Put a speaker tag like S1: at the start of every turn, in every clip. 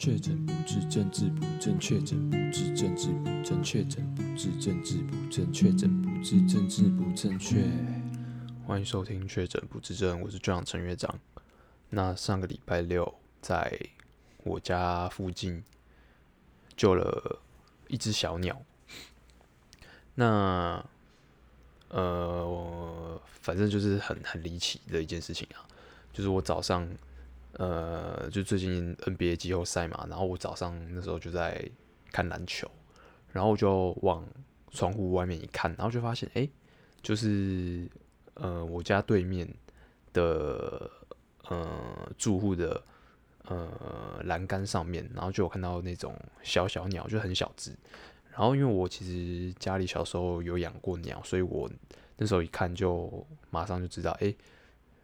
S1: 確診不治，正治不正；確診不治，正治不正；確診不治，正治不正；確診不治，症治不正。確診不治，症治不正。確診不治，症治不正。確診不治，症治不正確歡迎收聽《確診不治症》，我是 John 陳院長。那上個禮拜六，在我家附近救了一隻小鳥。那呃，反正就是很很離奇的一件事情啊，就是我早上。呃，就最近 NBA 季後賽嘛，然後我早上那時候就在看籃球，然後我就往窗戶外面一看，然後就發現，哎，就是呃我家對面的呃住戶的呃欄杆上面，然後就有看到那種小小鳥，就很小隻。然後因為我其實家裡小時候有養過鳥，所以我那時候一看就馬上就知道，哎。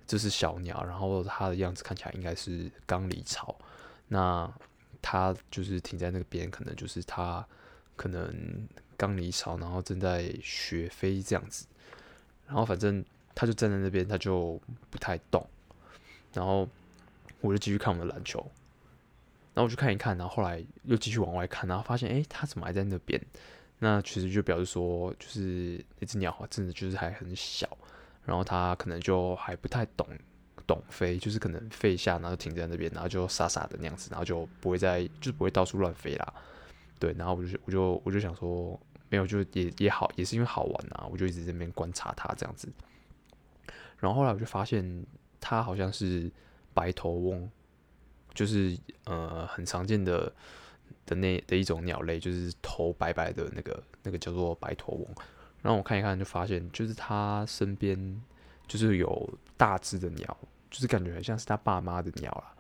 S1: 這是小鳥，然後它的樣子看起來應該是剛離巢。那它就是停在那邊，可能就是它可能剛離巢，然後正在學飛這樣子。然後反正它就站在那邊，它就不太動。然後我就繼續看我們的籃球。然後我去看一看，然後後來又繼續往外看，然後發現哎，它怎麼還在那邊？那其實就表示說，就是那只鳥真的就是還很小。然後它可能就還不太懂懂飛，就是可能飛一下，然後停在那邊，然後就傻傻的那樣子，然後就不會再就不會到處亂飛啦。對，然後我就我就我就想說，沒有就也也好，也是因為好玩啊，我就一直在那邊觀察它這樣子。然後後來我就發現它好像是白頭翁，就是呃很常見的的那的一種鳥類，就是頭白白的那個那個叫做白頭翁。讓我看一看，就發現就是他身邊就是有大只的鳥，就是感覺很像是他爸媽的鳥啦，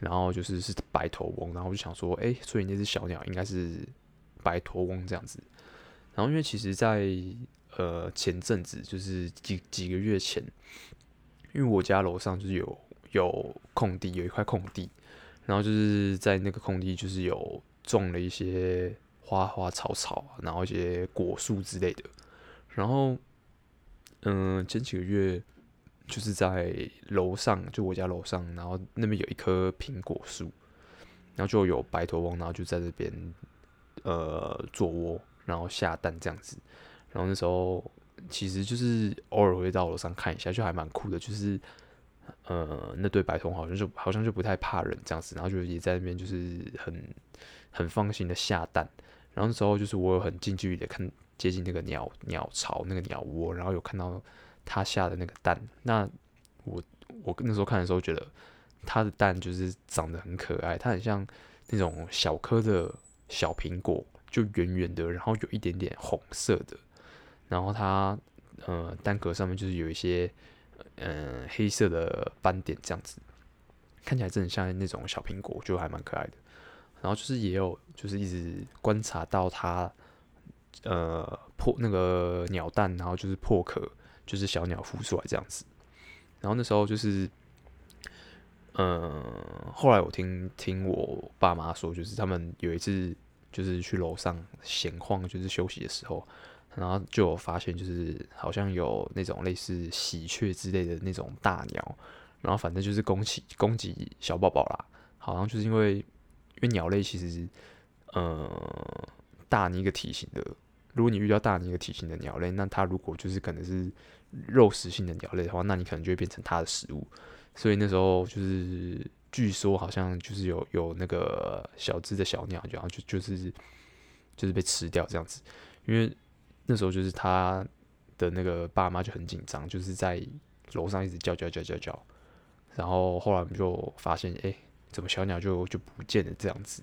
S1: 然後就是是白頭翁，然後我就想說，哎、欸，所以那只小鳥應該是白頭翁這樣子。然後因為其實在呃前陣子，就是幾幾個月前，因為我家樓上就是有有空地，有一塊空地，然後就是在那個空地就是有種了一些花花草草，然後一些果樹之類的。然後，嗯、呃，前幾個月就是在樓上，就我家樓上，然後那邊有一棵蘋果樹，然後就有白頭翁，然後就在那邊呃做窩，然後下蛋這樣子。然後那時候其實就是偶爾回到樓上看一下，就還蠻酷的，就是呃那對白頭好像就好像就不太怕人這樣子，然後就也在那邊就是很很放心的下蛋。然後那時候就是我有很近距離的看。接近那個鳥鳥巢，那個鳥窩，然後有看到它下的那個蛋。那我我那時候看的時候，覺得它的蛋就是長得很可愛，它很像那種小顆的小蘋果，就圓圓的，然後有一點點紅色的，然後它呃蛋殼上面就是有一些嗯、呃、黑色的斑點這樣子，看起來真的很像那種小蘋果，就還蠻可愛的。然後就是也有就是一直觀察到它，呃，破那個鳥蛋，然後就是破殼，就是小鳥孵出來這樣子。然後那時候就是，嗯、呃，後來我聽聽我爸媽說，就是他們有一次就是去樓上閒晃，就是休息的時候，然後就有發現，就是好像有那種類似喜鵲之類的那種大鳥，然後反正就是攻擊攻擊小寶寶啦。好像就是因為，因為鳥類其實，呃，大一個體型的。如果你遇到大型的體型的鳥類，那它如果就是可能是肉食性的鳥類的話，那你可能就會變成它的食物。所以那時候就是，據說好像就是有有那個小只的小鳥，然後就就是就是被吃掉這樣子。因為那時候就是他的那個爸媽就很緊張，就是在樓上一直叫叫叫叫叫，然後後來我們就發現，哎、欸，怎麼小鳥就就不見了這樣子。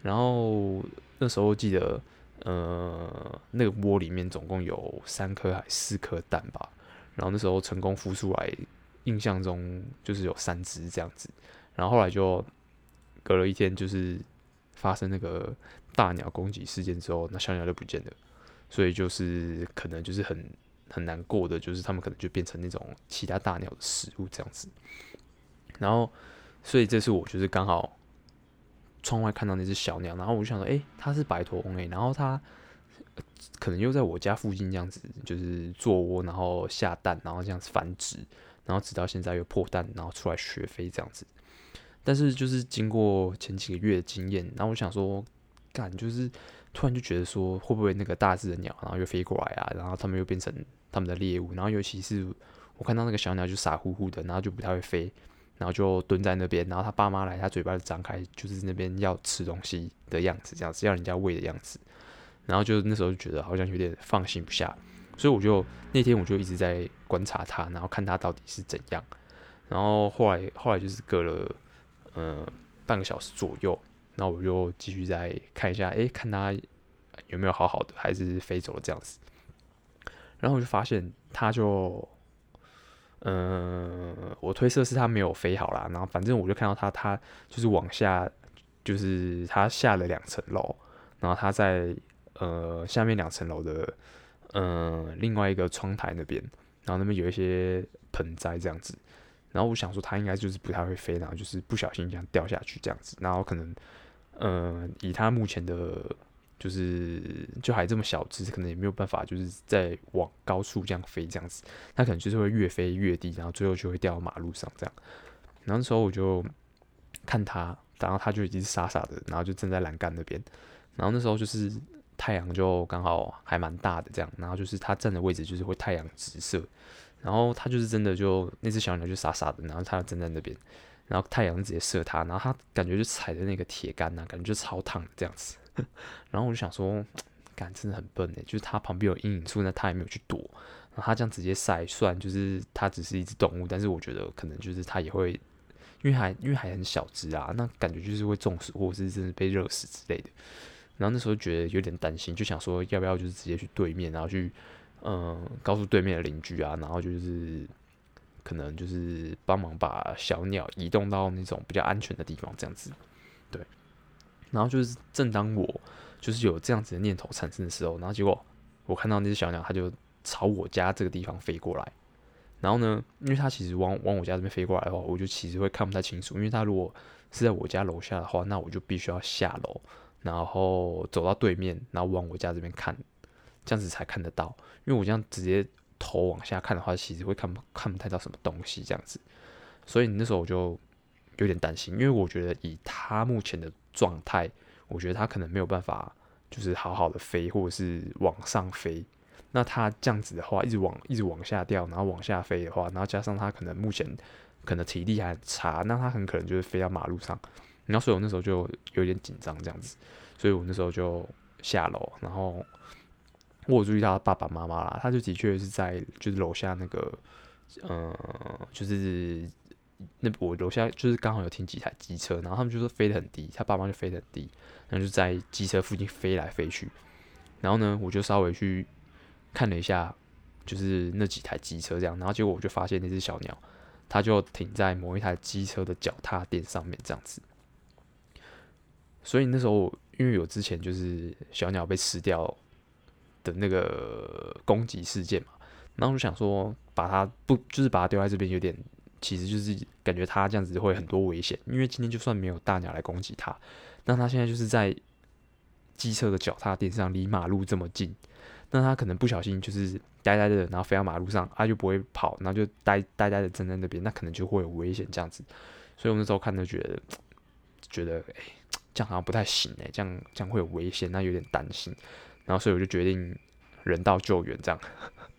S1: 然後那時候記得。呃，那個窩裡面總共有三顆還是四顆蛋吧？然後那時候成功孵出來，印象中就是有三隻這樣子。然後後來就隔了一天，就是發生那個大鳥攻擊事件之後，那小鳥就不見了。所以就是可能就是很很難過的，就是他們可能就變成那種其他大鳥的食物這樣子。然後，所以這次我就是剛好窗外看到那隻小鳥，然後我就想說，哎、欸，它是白頭翁哎，然後它、呃、可能又在我家附近這樣子，就是做窩，然後下蛋，然後這樣子繁殖，然後直到現在又破蛋，然後出來學飛這樣子。但是就是經過前幾個月的經驗，然後我想說，幹，就是突然就覺得說，會不會那個大隻的鳥，然後又飛過來啊，然後他們又變成他們的獵物，然後尤其是我看到那個小鳥就傻乎乎的，然後就不太會飛。然後就蹲在那邊，然後他爸媽來，他嘴巴張開，就是那邊要吃東西的樣子，這樣子要人家餵的樣子。然後就那時候就覺得好像有點放心不下，所以我就那天我就一直在觀察他，然後看他到底是怎樣。然後後來後來就是隔了嗯、呃、半個小時左右，然後我就繼續再看一下，誒，看他有沒有好好的，還是飛走了這樣子。然後我就發現他就。呃，我推測是他沒有飛好啦，然後反正我就看到他，他就是往下，就是他下了兩層樓，然後他在呃下面兩層樓的嗯、呃、另外一個窗臺那邊，然後那邊有一些盆栽這樣子，然後我想說他應該就是不太會飛，然後就是不小心這樣掉下去這樣子，然後可能呃以他目前的。就是就還這麼小只，可能也沒有辦法，就是在往高處這樣飛，這樣子，它可能就是會越飛越低，然後最後就會掉到馬路上這樣。然後那時候我就看它，然後它就已經是傻傻的，然後就站在欄杆那邊。然後那時候就是太陽就剛好還蠻大的這樣，然後就是它站的位置就是會太陽直射，然後它就是真的就那只小鳥就傻傻的，然後它站在那邊，然後太陽直接射它，然後它感覺就踩著那個鐵桿啊，感覺就超燙這樣子。 然後我就想說，感覺真的很笨誒，就是它旁邊有陰影處，那它也沒有去躲，然後它這樣直接曬，算就是它只是一只動物，但是我覺得可能就是它也會，因為還因為還很小只啊，那感覺就是會中暑，或者是真的被熱死之類的。然後那時候覺得有點擔心，就想說要不要就是直接去對面，然後去嗯、呃、告訴對面的鄰居啊，然後就是可能就是幫忙把小鳥移動到那種比較安全的地方，這樣子，對。然後就是，正當我就是有這樣子的念頭產生的時候，然後結果我看到那只小鳥，它就朝我家這個地方飛過來。然後呢，因為它其實往往我家這邊飛過來的話，我就其實會看不太清楚。因為它如果是在我家樓下的話，那我就必須要下樓，然後走到對面，然後往我家這邊看，這樣子才看得到。因為我這樣直接頭往下看的話，其實會看不看不太到什麼東西這樣子。所以那時候我就有點擔心，因為我覺得以它目前的。狀態，我覺得他可能沒有辦法，就是好好的飛，或者是往上飛。那他這樣子的話，一直往一直往下掉，然後往下飛的話，然後加上他可能目前可能體力還差，那他很可能就是飛到馬路上。然後所以我那時候就有點緊張這樣子，所以我那時候就下樓，然後我注意到他爸爸媽媽啦，他就的確是在就是樓下那個，嗯、呃，就是。那我樓下就是剛好有停幾台機車，然後他們就說飛得很低，他爸媽就飛得很低，然後就在機車附近飛來飛去。然後呢，我就稍微去看了一下，就是那幾台機車這樣。然後結果我就發現那隻小鳥，它就停在某一台機車的腳踏墊上面這樣子。所以那時候，因為有之前就是小鳥被吃掉的那個攻擊事件嘛，然後就想說把它不就是把它丟在這邊有點。其實就是感覺他這樣子會很多危險，因為今天就算沒有大鳥來攻擊他，那他現在就是在機車的腳踏墊上，離馬路這麼近，那他可能不小心就是呆呆的，然後飛到馬路上，他、啊、就不會跑，然後就呆呆呆的站在那邊，那可能就會有危險這樣子。所以我那時候看就覺得，覺得哎、欸，這樣好像不太行哎，這樣這樣會有危險，那有點擔心。然後所以我就決定人道救援這樣，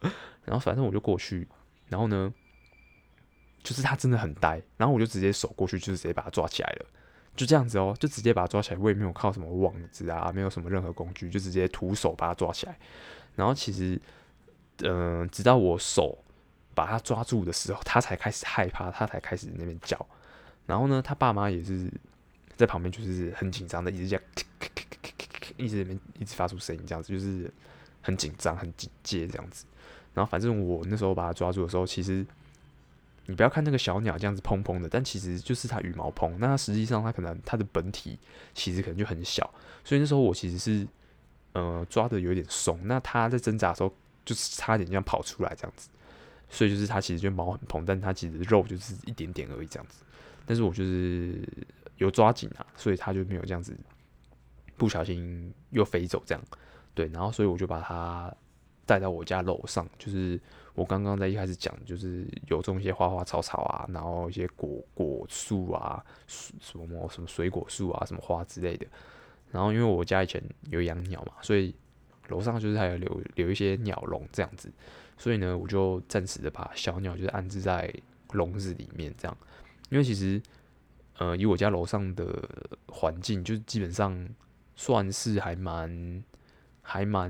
S1: 然後反正我就過去，然後呢，就是他真的很呆，然後我就直接手過去，就是直接把他抓起來了，就這樣子哦，就直接把他抓起來，我也沒有靠什麼網子啊，沒有什麼任何工具，就直接徒手把他抓起來。然後其實，嗯、呃，直到我手把他抓住的時候，他才開始害怕，他才開始那邊叫。然後呢，他爸媽也是在旁邊，就是很緊張的，一直這樣，一直那邊一直發出聲音，這樣子就是很緊張、很警戒這樣子。然後反正我那時候把他抓住的時候，其實。你不要看那個小鳥這樣子蓬蓬的，但其實就是它羽毛蓬，那它實際上它可能它的本體其實可能就很小，所以那時候我其實是，呃，抓得有點鬆，那它在掙扎的時候就是差點這樣跑出來這樣子，所以就是它其實就毛很蓬，但它其實肉就是一點點而已這樣子，但是我就是有抓緊啊，所以它就沒有這樣子不小心又飛走這樣，對，然後所以我就把它帶到我家樓上，就是。我剛剛在一開始講，就是有種一些花花草草啊，然後一些果果樹啊，什麼什麼水果樹啊，什麼花之類的。然後因為我家以前有養鳥嘛，所以樓上就是還有留留一些鳥籠這樣子。所以呢，我就暫時的把小鳥就是安置在籠子裡面這樣。因為其實，呃，以我家樓上的環境，就基本上算是還蠻還蠻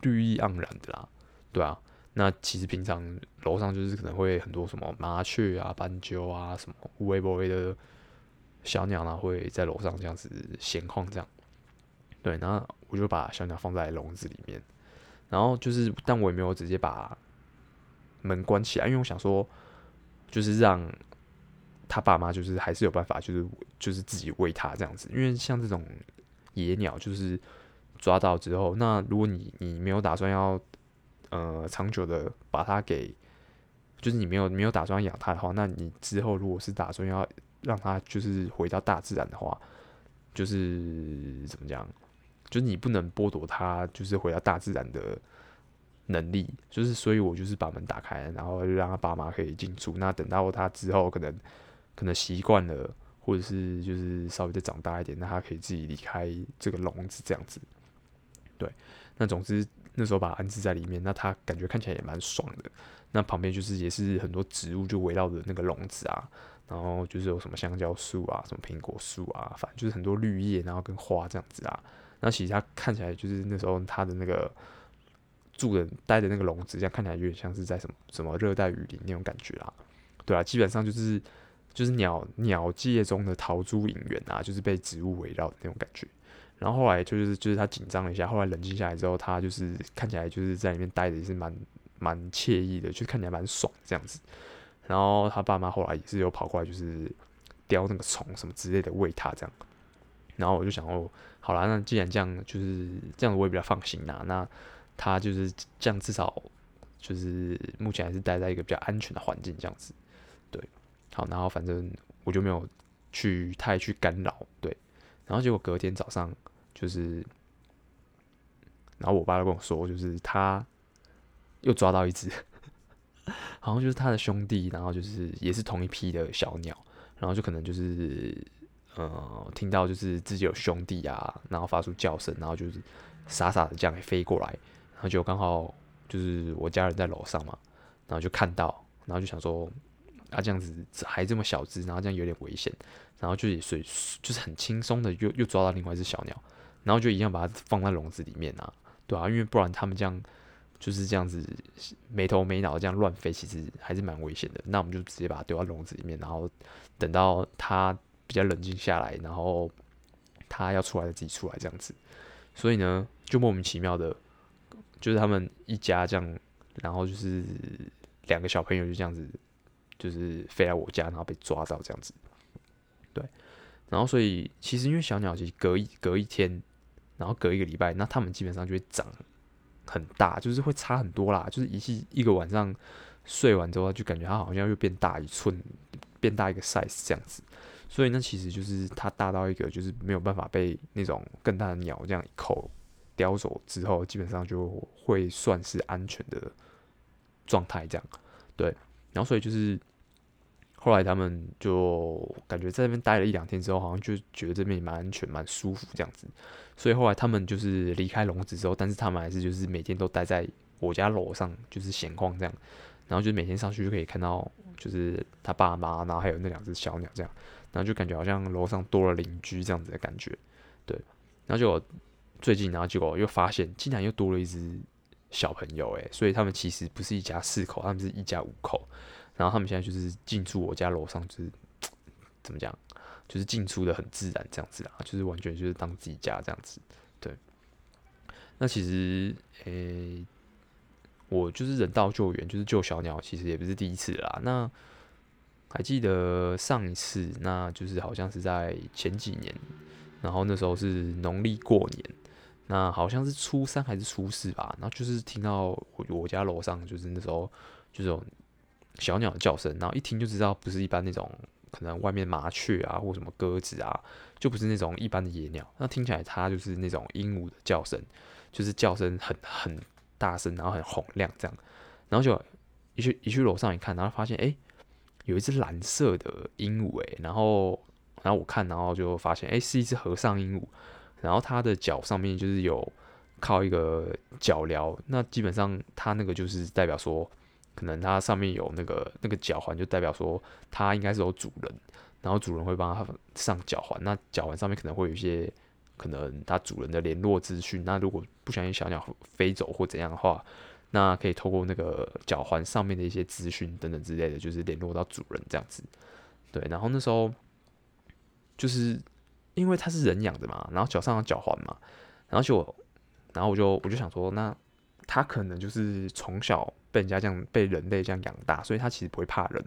S1: 綠意盎然的啦，對啊。那其實平常樓上就是可能會很多什麼麻雀啊、斑鳩啊、什麼五五味的小鳥啊會在樓上這樣子閒晃這樣。對，那我就把小鳥放在籠子裡面，然後就是，但我也沒有直接把門關起來，因為我想說，就是讓他爸媽就是還是有辦法，就是就是自己餵它這樣子。因為像這種野鳥，就是抓到之後，那如果你你沒有打算要。呃，長久的把它給，就是你沒有你沒有打算養它的話，那你之後如果是打算要讓它就是回到大自然的話，就是怎麼講？就是你不能剝奪它就是回到大自然的能力。就是所以我就是把門打開，然後讓它爸媽可以進出。那等到它之後可能可能習慣了，或者是就是稍微的長大一點，那它可以自己離開這個籠子這樣子。對，那總之。那時候把它安置在裡面，那它感覺看起來也蠻爽的。那旁邊就是也是很多植物就圍繞着那個籠子啊，然後就是有什麼香蕉樹啊，什麼蘋果樹啊，反正就是很多綠葉，然後跟花這樣子啊。那其實它看起來就是那時候它的那個住人待的那個籠子，這樣看起來就有點像是在什麼什麼熱帶雨林那種感覺啦，對啊，基本上就是就是鳥鳥界中的桃珠影院啊，就是被植物圍繞的那種感覺。然後後來就是就是他緊張了一下，後來冷靜下來之後，他就是看起來就是在裡面待着也是蠻蠻愜意的，就看起來蠻爽這樣子。然後他爸媽後來也是有跑過來，就是叼那個蟲什麼之類的餵他這樣。然後我就想哦，好啦，那既然這樣，就是這樣我也比較放心啦。那他就是這樣至少就是目前還是待在一個比較安全的環境這樣子。對，好，然後反正我就沒有去太去干擾。對，然後結果隔天早上。就是，然後我爸就跟我說，就是他又抓到一隻，好像就是他的兄弟，然後就是也是同一批的小鳥，然後就可能就是，呃，聽到就是自己有兄弟啊，然後發出叫聲，然後就是傻傻的這樣飛過來，然後就剛好就是我家人在樓上嘛，然後就看到，然後就想說，啊這樣子還這麼小只，然後這樣有點危險，然後就也是就是很輕鬆的又又抓到另外一隻小鳥。然後就一樣把它放在籠子裡面啊，對啊，因為不然他們這樣就是這樣子沒頭沒腦這樣亂飛，其實還是蠻危險的。那我們就直接把它丟到籠子裡面，然後等到它比較冷靜下來，然後它要出來的，自己出來這樣子。所以呢，就莫名其妙的，就是他們一家這樣，然後就是兩個小朋友就這樣子，就是飛來我家，然後被抓到這樣子。對，然後所以其實因為小鳥其實隔一隔一天。然後隔一個禮拜，那他們基本上就會長很大，就是會差很多啦。就是一次一個晚上睡完之後，就感覺他好像又變大一寸，變大一個 size 這樣子。所以呢，其實就是它大到一個，就是沒有辦法被那種更大的鳥這樣一口叼走之後，基本上就會算是安全的狀態這樣。對，然後所以就是。後來他們就感覺在那邊待了一兩天之後，好像就覺得這邊也蠻安全、蠻舒服這樣子。所以後來他們就是離開籠子之後，但是他們還是就是每天都待在我家樓上，就是閒逛這樣。然後就每天上去就可以看到，就是他爸媽，然後還有那兩只小鳥這樣。然後就感覺好像樓上多了鄰居這樣子的感覺。對。然後結果最近，然後結果又發現，竟然又多了一只小朋友誒、欸。所以他們其實不是一家四口，他們是一家五口。然後他們現在就是進出我家樓上，就是怎麼講，就是進出的很自然這樣子啦，就是完全就是當自己家這樣子。對，那其實誒，我就是人道救援，就是救小鳥，其實也不是第一次啦。那還記得上一次，那就是好像是在前幾年，然後那時候是農曆過年，那好像是初三還是初四吧，然後就是聽到我我家樓上，就是那時候就是。小鳥的叫聲，然後一聽就知道不是一般那種，可能外面麻雀啊或什麼鴿子啊，就不是那種一般的野鳥。那聽起來它就是那種鸚鵡的叫聲，就是叫聲很很大聲，然後很洪亮這樣。然後就一去一去樓上一看，然後發現誒、欸、有一隻藍色的鸚鵡誒，然後然後我看，然後就發現誒、欸、是一隻和尚鸚鵡。然後它的腳上面就是有靠一個腳鐐，那基本上它那個就是代表說。可能它上面有那個那個腳環，就代表說它應該是有主人，然後主人會幫它上腳環。那腳環上面可能會有一些可能它主人的聯絡資訊。那如果不小心小鳥飛走或怎樣的話，那可以透過那個腳環上面的一些資訊等等之類的，就是聯絡到主人這樣子。對，然後那時候就是因為它是人養的嘛，然後腳上有腳環嘛，然後就我，然後我就我就想說，那它可能就是從小，被人家這樣被人類這樣養大，所以他其實不會怕人。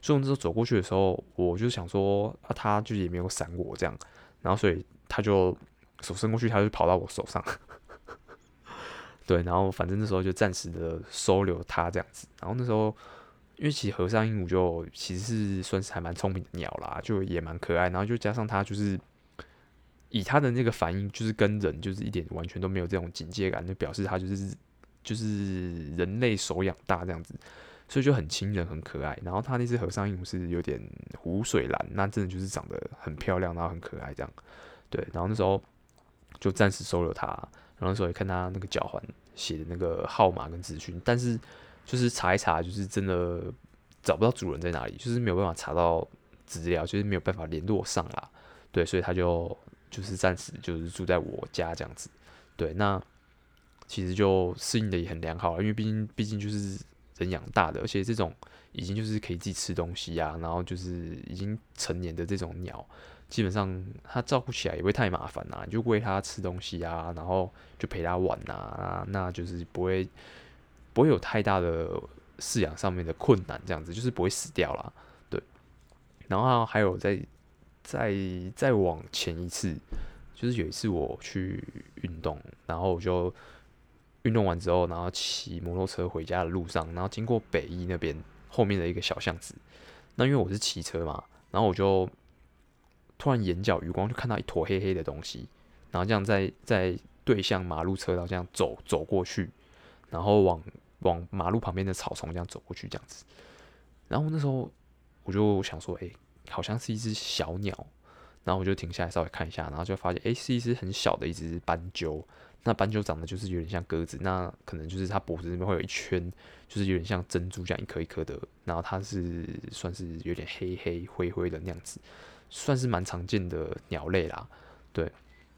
S1: 所以那時候走過去的時候，我就想說，啊，他就也沒有閃我這樣，然後所以他就手伸過去，他就跑到我手上。 對，然後反正那時候就暫時的收留他這樣子。然後那時候，因為其實和尚鸚鵡就其實是算是還蠻聰明的鳥啦，就也蠻可愛。然後就加上它就是以它的那個反應，就是跟人就是一點完全都沒有這種警戒感，就表示它就是。就是人類手養大這樣子，所以就很親人很可愛。然後他那隻和尚鸚鵡是有點湖水藍，那真的就是長得很漂亮，然後很可愛這樣。對，然後那時候就暫時收留它，然後那時候也看他那個腳環寫的那個號碼跟資訊，但是就是查一查，就是真的找不到主人在哪裡，就是沒有辦法查到資料，就是沒有辦法聯絡上啦。對，所以他就就是暫時就是住在我家這樣子。對，那。其實就適應的也很良好，因為畢竟畢竟就是人養大的，而且這種已經就是可以自己吃東西啊，然後就是已經成年的這種鳥，基本上它照顧起來也不會太麻煩啊，就餵它吃東西啊，然後就陪它玩啊，那就是不會不會有太大的飼養上面的困難，這樣子就是不會死掉啦。對，然後還有在在再往前一次，就是有一次我去運動，然後我就。運動完之後，然後騎摩托車回家的路上，然後經過北醫那邊後面的一個小巷子。那因為我是騎車嘛，然後我就突然眼角餘光就看到一坨黑黑的東西，然後這樣在在對向馬路車道這樣走走過去，然後往往馬路旁邊的草叢這樣走過去這樣子。然後那時候我就想說，哎、欸，好像是一只小鳥。然後我就停下來稍微看一下，然後就發現，哎、欸，是一只很小的一隻斑鳩。那斑鳩長得就是有點像鴿子，那可能就是它脖子那邊會有一圈，就是有點像珍珠這樣一顆一顆的，然後它是算是有點黑黑灰灰的那樣子，算是蠻常見的鳥類啦。對，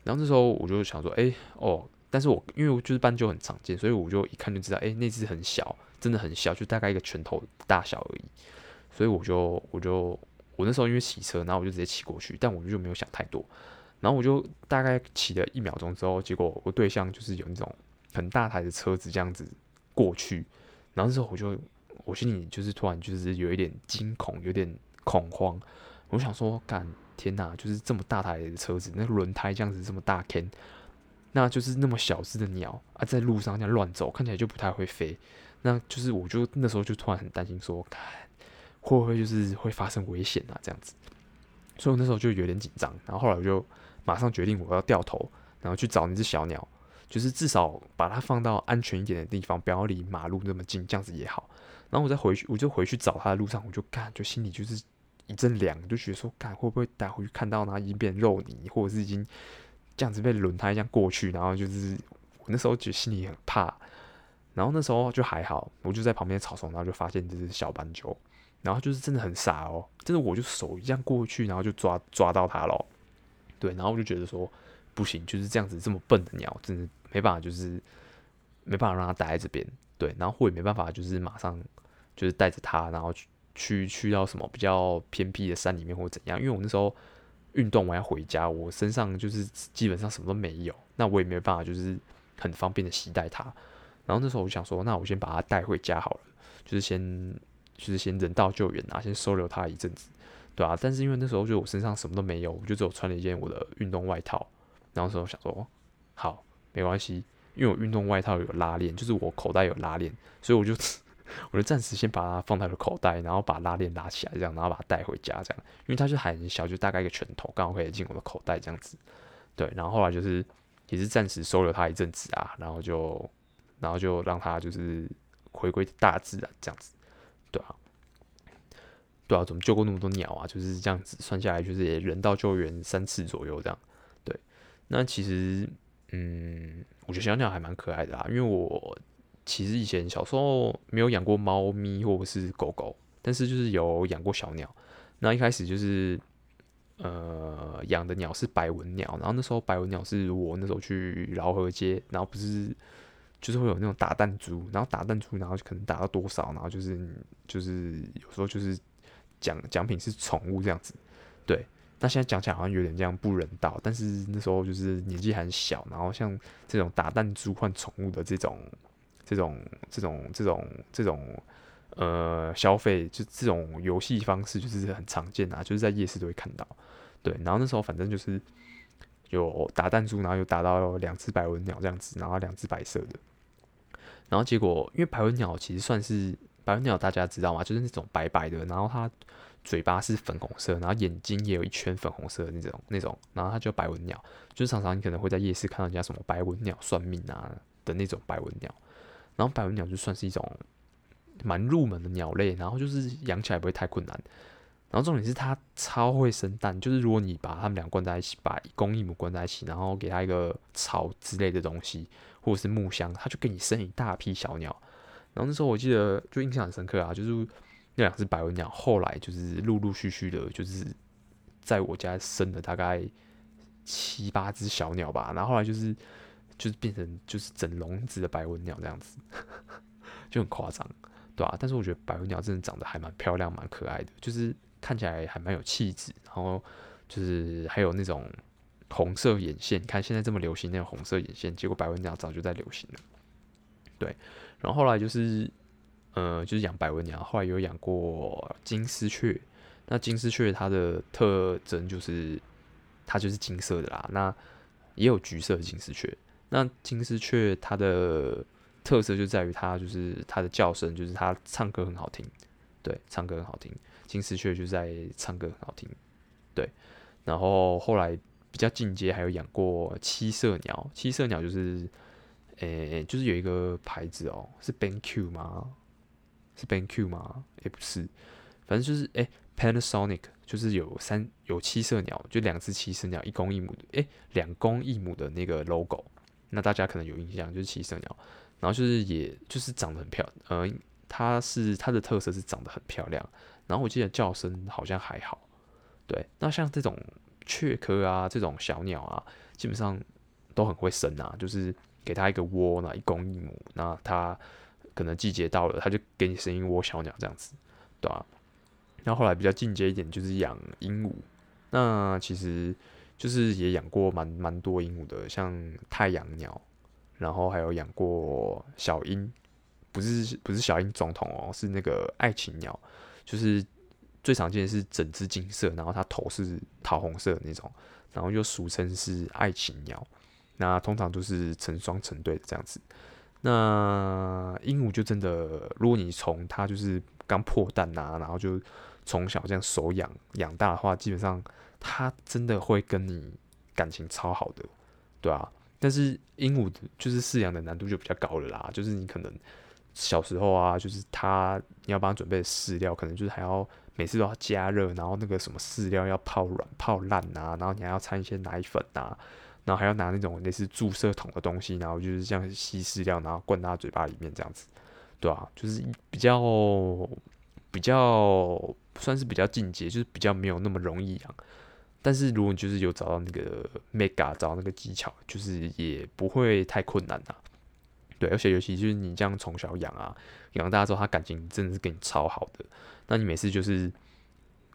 S1: 然後那時候我就想說，哎、欸，哦，但是我因為我就是斑鳩很常見，所以我就一看就知道，哎、欸，那隻很小，真的很小，就大概一個拳頭大小而已。所以我就我就我那時候因為騎車，然後我就直接騎過去，但我就沒有想太多。然後我就大概騎了一秒鐘之後，結果我對象就是有那種很大台的車子這樣子過去，然後那時候我就我心裡就是突然就是有一點驚恐，有點恐慌。我想說，幹天吶，就是這麼大台的車子，那輪胎這樣子這麼大坑，那就是那麼小只的鳥啊，在路上那樣亂走，看起來就不太會飛。那就是我就那時候就突然很擔心說，幹，會不會就是會發生危險啊？這樣子，所以我那時候就有點緊張。然後後來我就。馬上決定，我要掉頭，然後去找那隻小鳥，就是至少把它放到安全一點的地方，不要離馬路那麼近，這樣子也好。然後我再回去，我就回去找它的路上，我就幹，就心裡就是一陣涼，就覺得說，幹，會不會帶回去看到它已經變肉泥，或者是已經這樣子被輪胎這樣過去？然後就是我那時候就心裡很怕，然後那時候就還好，我就在旁邊草叢，然後就發現這隻小斑鳩，然後就是真的很傻哦、喔，真的我就手這樣過去，然後就抓，抓到它了。對，然後我就覺得說，不行，就是這樣子這麼笨的鳥，真的沒辦法，就是沒辦法讓它待在這邊。對，然後我也沒辦法，就是馬上就是帶着它，然後去去到什麼比較偏僻的山裡面或者怎樣？因為我那時候運動完要回家，我身上就是基本上什麼都沒有，那我也沒辦法，就是很方便的攜帶它。然後那時候我就想說，那我先把它帶回家好了，就是先就是先人道救援啊，先收留它一陣子。對啊，但是因為那時候就我身上什麼都沒有，我就只有穿了一件我的運動外套。然後那時候想說，好，沒關係，因為我運動外套有拉鏈，就是我口袋有拉鏈，所以我就， 我就暫時先把它放在我的口袋，然後把拉鏈拉起來，這樣，然後把它帶回家，這樣。因為它就很小，就大概一個拳頭，剛好可以進我的口袋這樣子。對，然後後來就是，也是暫時收留它一陣子啊，然後就，然後就讓它就是回歸大自然這樣子，對啊。對啊，怎麼救過那麼多鳥啊？就是這樣子算下來，就是人道救援三次左右這樣。對，那其實，嗯，我覺得小鳥還蠻可愛的啦，啊，因為我其實以前小時候沒有養過貓咪或者是狗狗，但是就是有養過小鳥。那一開始就是，呃，養的鳥是白文鳥，然後那時候白文鳥是我那時候去饒河街，然後不是，就是會有那種打彈珠，然後打彈珠，然後可能打到多少，然後就是就是有時候就是。獎獎品是寵物這樣子，對。那現在講起來好像有點這樣不人道，但是那時候就是年紀很小，然後像這種打彈珠換寵物的這種、這種、這種、這種、這種、這種呃消費，就這種遊戲方式就是很常見啊，就是在夜市都會看到。對，然後那時候反正就是有打彈珠，然後有打到兩隻白文鳥這樣子，然後兩隻白色的，然後結果因為白文鳥其實算是。白文鳥大家知道嗎？就是那種白白的，然後它嘴巴是粉紅色，然後眼睛也有一圈粉紅色的那種那種，然後它叫白文鳥，就是常常你可能會在夜市看到人家什麼白文鳥算命啊的那種白文鳥，然後白文鳥就算是一種蠻入門的鳥類，然後就是養起來不會太困難，然後重點是它超會生蛋，就是如果你把它們倆關在一起，把一公一母關在一起，然後給它一個巢之類的東西或者是木箱，它就給你生一大批小鳥。然後那時候我記得就印象很深刻啊，就是那兩隻白文鳥，後來就是陸陸續續的，就是在我家生了大概七八隻小鳥吧，然後後來就是就是變成就是整籠子的白文鳥這樣子，就很誇張，對啊，但是我覺得白文鳥真的長得還蠻漂亮，蠻可愛的，就是看起來還蠻有氣質，然後就是還有那種紅色眼線，看現在這麼流行那種紅色眼線，結果白文鳥早就在流行了。對，然後後來就是，呃，就是養白文鳥，後來有養過金絲雀。那金絲雀它的特徵就是，它就是金色的啦。那也有橘色的金絲雀。那金絲雀它的特色就在於它就是它的叫聲，就是它唱歌很好聽。對，唱歌很好聽，金絲雀就在唱歌很好聽。對，然後後來比較進階，還有養過七色鳥。七色鳥就是。誒，就是有一個牌子哦，是 BenQ 嗎？是 BenQ 嗎？也不是，反正就是誒，Panasonic 就是有三有七色鳥，就兩隻七色鳥，一公一母，誒，兩公一母的那個 logo，那大家可能有印象，就是七色鳥，然後就是也就是長得很漂亮，呃，它是它的特色是長得很漂亮，然後我記得叫聲好像還好，對，那像這種雀科啊，這種小鳥啊，基本上都很會生啊，就是。給它一個窩，一公一母，那它可能季節到了，它就給你生一窩小鳥這樣子，對吧？啊！那後來比較進階一點就是養鸚鵡，那其實就是也養過蠻蠻多鸚鵡的，像太陽鳥，然後還有養過小鷹，不是不是小鷹總統哦，是那個愛情鳥，就是最常見的是整隻金色，然後它頭是桃紅色的那種，然後又俗稱是愛情鳥。那通常都是成雙成對的這樣子。那鸚鵡就真的，如果你從它就是剛破蛋啊，然後就從小這樣手養養大的話，基本上它真的會跟你感情超好的，對啊。但是鸚鵡就是飼養的難度就比較高了啦，就是你可能小時候啊，就是它你要幫它準備飼料，可能就是還要每次都要加熱，然後那個什麼飼料要泡軟泡爛啊，然後你還要摻一些奶粉啊。然後還要拿那種類似注射筒的東西，然後就是這樣稀釋掉，然後灌他嘴巴裡面這樣子，對啊，就是比較比較算是比較進階，就是比較沒有那麼容易養。但是如果你就是有找到那個 mega 找到那個技巧，就是也不會太困難呐啊。對，而且尤其就是你這樣從小養啊，養大之後他感情真的是給你超好的。那你每次就是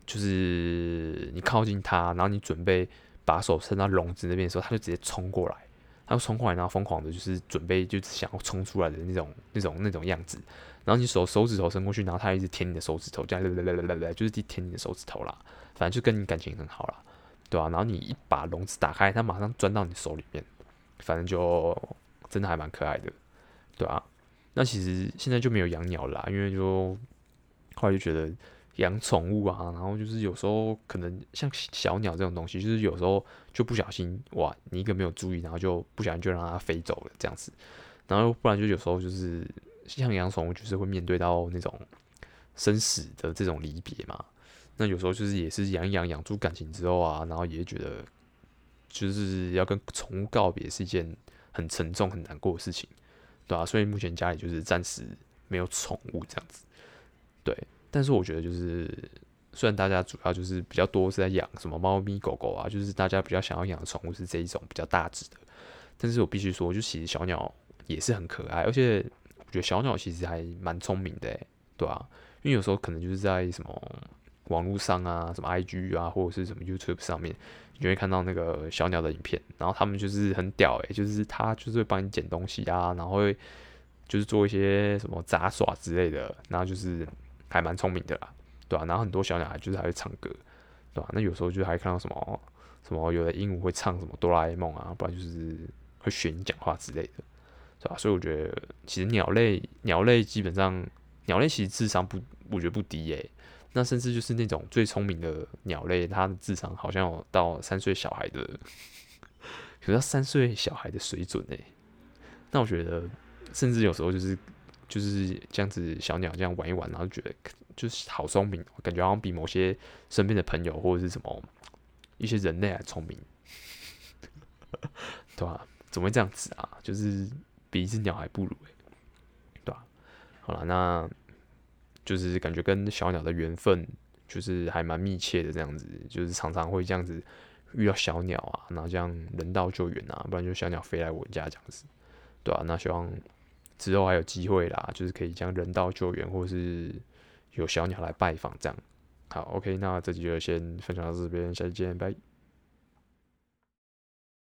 S1: 就是你靠近他，然後你準備。把手伸到籠子那邊的時候，它就直接衝過來。它衝過來，然後瘋狂的，就是準備，就是想要衝出來的那種、那種、那種樣子。然後你手手指頭伸過去，然後它一直舔你的手指頭，這樣來來來來來，就是舔你的手指頭啦。反正就跟你感情很好啦，對啊。然後你一把籠子打開，它馬上鑽到你手裡面。反正就真的還蠻可愛的，對啊。那其實現在就沒有養鳥了啦，因為就後來就覺得。養寵物啊，然後就是有時候可能像小鳥這種東西，就是有時候就不小心哇，你一個沒有注意，然後就不小心就讓它飛走了這樣子，然後不然就有時候就是像養寵物，就是會面對到那種生死的這種離別嘛。那有時候就是也是養一養養出感情之後啊，然後也覺得就是要跟寵物告別是一件很沉重很難過的事情，對啊，所以目前家裡就是暫時沒有寵物這樣子，對。但是我覺得，就是雖然大家主要就是比較多是在養什麼貓咪、狗狗啊，就是大家比較想要養的寵物是這一種比較大隻的。但是我必須說，就其實小鳥也是很可愛，而且我覺得小鳥其實還蠻聰明的，對吧、啊？因為有時候可能就是在什麼網絡上啊、什麼 IG 啊，或者是什麼 YouTube 上面，你就會看到那個小鳥的影片，然後他們就是很屌，誒，就是他就是會幫你撿東西啊，然後會就是做一些什麼雜耍之類的，然後就是。還蠻聰明的啦，對吧、啊？然後很多小鳥還就是還會唱歌，對吧、啊？那有時候就還看到什麼什麼有的鸚鵡會唱什麼哆啦 A 夢啊，不然就是會學你講話之類的，對吧、啊？所以我覺得其實鳥類鳥類基本上鳥類其實智商不，我覺得不低耶、欸。那甚至就是那種最聰明的鳥類，它的智商好像有到三歲小孩的，有到三歲小孩的水準哎、欸。那我覺得甚至有時候就是。就是這樣子，小鳥這樣玩一玩，然後覺得就是好聰明、哦，感覺好像比某些身邊的朋友或者是什麼一些人類還聰明， 對吧、啊？怎麼會這樣子啊？就是比一隻鳥還不如對吧、啊？好啦，那就是感覺跟小鳥的緣分就是還蠻密切的，這樣子就是常常會這樣子遇到小鳥啊，然後這樣人道救援啊，不然就小鳥飛來我家這樣子，對吧、啊？那希望。之後還有機會啦，就是可以將人道救援，或是有小鳥來拜訪這樣。好，OK，那這集就先分享到這邊，下期見，拜。